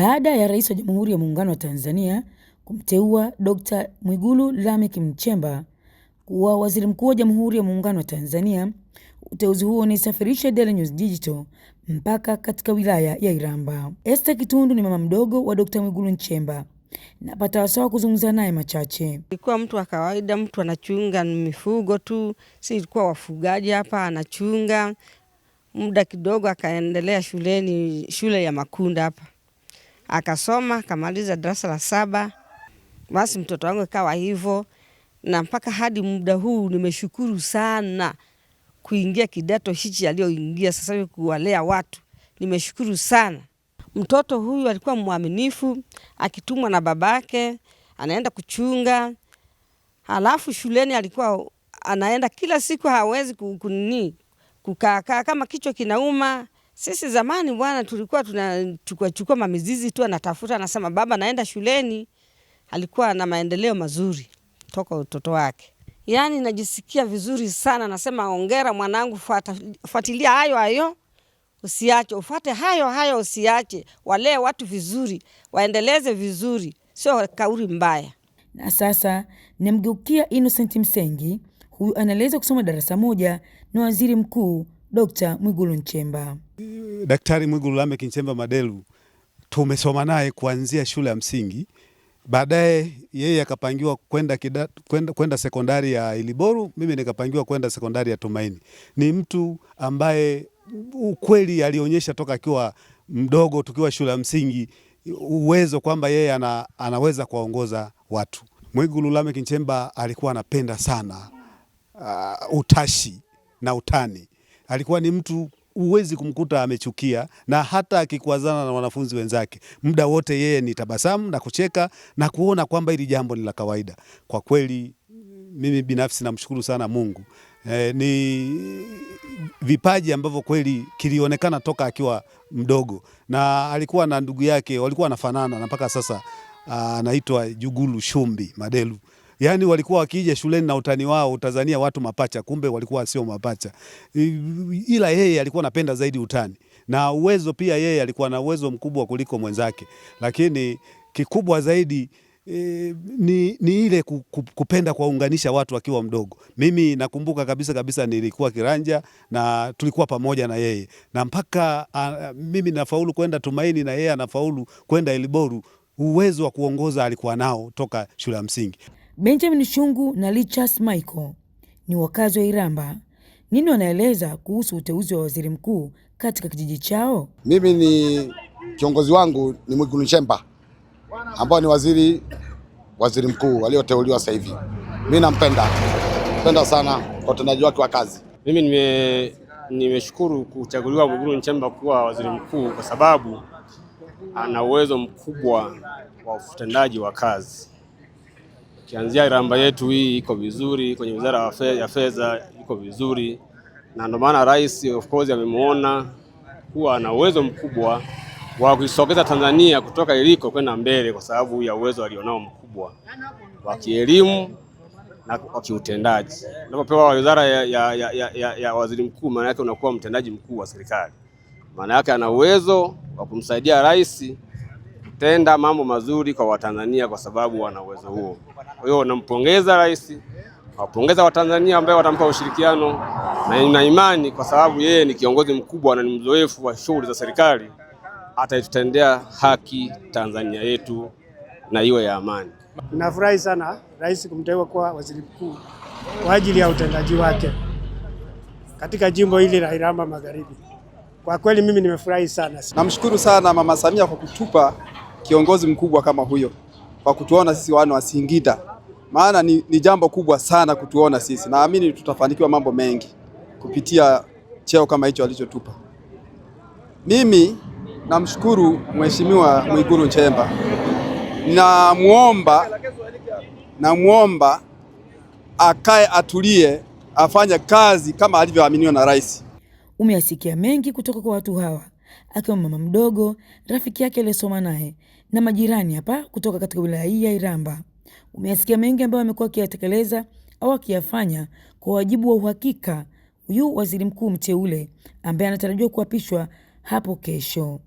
Baada ya Rais wa Jamhuri ya Muungano wa Tanzania kumteua Dr. Mwigulu Lameck Nchemba kuwa Waziri Mkuu wa Jamhuri ya Muungano wa Tanzania, uteuzi huo unaisafirisha Daily News Digital mpaka katika wilaya ya Iramba. Esther Kitundu ni mama mdogo wa Dr. Mwigulu Nchemba. Napata wasawa kuzungumza naye machache. Ilikuwa mtu wa kawaida, mtu anachunga mifugo tu, si ilikuwa wafugaji hapa, anachunga muda kidogo, akaendelea shuleni, shule ya Makunda hapa akasoma kamaliza darasa la saba. Basi mtoto wangu ikawa hivyo, na mpaka hadi muda huu nimeshukuru sana kuingia kidato hichi aliyoingia sasa hivi kuwalea watu, nimeshukuru sana. Mtoto huyu alikuwa mwaminifu, akitumwa na babake anaenda kuchunga. Halafu shuleni alikuwa anaenda kila siku, hawezi kunini kukaakaa kama kichwa kinauma sisi zamani bwana, tulikuwa tunachukua chukua mamizizi tu, anatafuta anasema, baba naenda shuleni. Alikuwa na maendeleo mazuri toka utoto wake, yaani najisikia vizuri sana, nasema ongera mwanangu, fuatilia hayo hayo usiache, ufate hayo hayo usiache, walee watu vizuri, waendeleze vizuri, sio kauri mbaya. Na sasa namgeukia Innocent Msengi, huyu anaeleza kusoma darasa moja na waziri mkuu Dr. Mwigulu Nchemba. Daktari Mwigulu Lameck Nchemba Madelu tumesoma naye kuanzia shule ya msingi, baadaye yeye akapangiwa kwenda kwenda kwenda sekondari ya Iliboru, mimi nikapangiwa kwenda sekondari ya Tumaini. Ni mtu ambaye ukweli alionyesha toka akiwa mdogo, tukiwa shule ya msingi, uwezo kwamba yeye ana, anaweza kuwaongoza watu. Mwigulu Lameck Nchemba alikuwa anapenda sana uh, utashi na utani. Alikuwa ni mtu huwezi kumkuta amechukia, na hata akikwazana na wanafunzi wenzake, muda wote yeye ni tabasamu na kucheka na kuona kwamba hili jambo ni la kawaida. Kwa kweli mimi binafsi namshukuru sana Mungu. E, ni vipaji ambavyo kweli kilionekana toka akiwa mdogo, na alikuwa na ndugu yake walikuwa wanafanana na mpaka sasa ah, anaitwa Jugulu Shumbi Madelu yani walikuwa wakija shuleni na utani wao utazania watu mapacha, kumbe walikuwa sio mapacha, ila yeye alikuwa anapenda zaidi utani na uwezo pia. Yeye alikuwa na uwezo mkubwa kuliko mwenzake, lakini kikubwa zaidi E, ni, ni ile kupenda kuwaunganisha watu akiwa mdogo. Mimi nakumbuka kabisa kabisa nilikuwa kiranja na tulikuwa pamoja na yeye na mpaka a, mimi nafaulu kwenda Tumaini na yeye anafaulu kwenda Iliboru. Uwezo wa kuongoza alikuwa nao toka shule ya msingi. Benjamin Shungu na lichas Michael ni wakazi wa Iramba. Nini wanaeleza kuhusu uteuzi wa waziri mkuu katika kijiji chao? Mimi ni kiongozi wangu ni Mwigulu Nchemba ambao ni waziri waziri mkuu aliyoteuliwa sasa hivi. Mimi nampenda nampenda sana kwa utendaji wake wa kazi. Mimi nime nimeshukuru kuchaguliwa Mwigulu Nchemba kuwa waziri mkuu kwa sababu ana uwezo mkubwa wa utendaji wa kazi kianzia Iramba yetu hii iko vizuri, kwenye wizara ya fedha iko vizuri, na ndio maana rais of course amemuona kuwa ana uwezo mkubwa wa kuisogeza Tanzania kutoka iliko kwenda mbele, kwa sababu ya uwezo alionao mkubwa wa kielimu na kwa kiutendaji. Unapopewa wizara ya, ya, ya, ya, ya, ya waziri mkuu, maana yake unakuwa mtendaji mkuu wa serikali, maana yake ana uwezo wa kumsaidia rais atatenda mambo mazuri kwa Watanzania kwa sababu wana uwezo huo. Kwa hiyo nampongeza rais, nawapongeza Watanzania ambao watampa ushirikiano na ina imani kwa sababu yeye ni kiongozi mkubwa na ni mzoefu wa shughuli za serikali, ataitutendea haki Tanzania yetu na iwe ya amani. Ninafurahi sana rais kumteua kuwa waziri mkuu kwa ajili ya utendaji wake katika jimbo hili la Iramba Magharibi. Kwa kweli mimi nimefurahi sana. Namshukuru sana Mama Samia kwa kutupa kiongozi mkubwa kama huyo kwa kutuona sisi wana wa Singida, maana ni, ni jambo kubwa sana kutuona sisi. Naamini tutafanikiwa mambo mengi kupitia cheo kama hicho alichotupa. Mimi namshukuru Mheshimiwa Mwigulu Nchemba, namwomba namwomba akae atulie, afanye kazi kama alivyoaminiwa na rais. Umeyasikia mengi kutoka kwa watu hawa akiwa mama mdogo, rafiki yake aliyesoma naye na majirani hapa kutoka katika wilaya hii ya Iramba. Umeyasikia mengi ambayo amekuwa akiyatekeleza au akiyafanya kwa wajibu wa uhakika huyu waziri mkuu mteule ambaye anatarajiwa kuapishwa hapo kesho.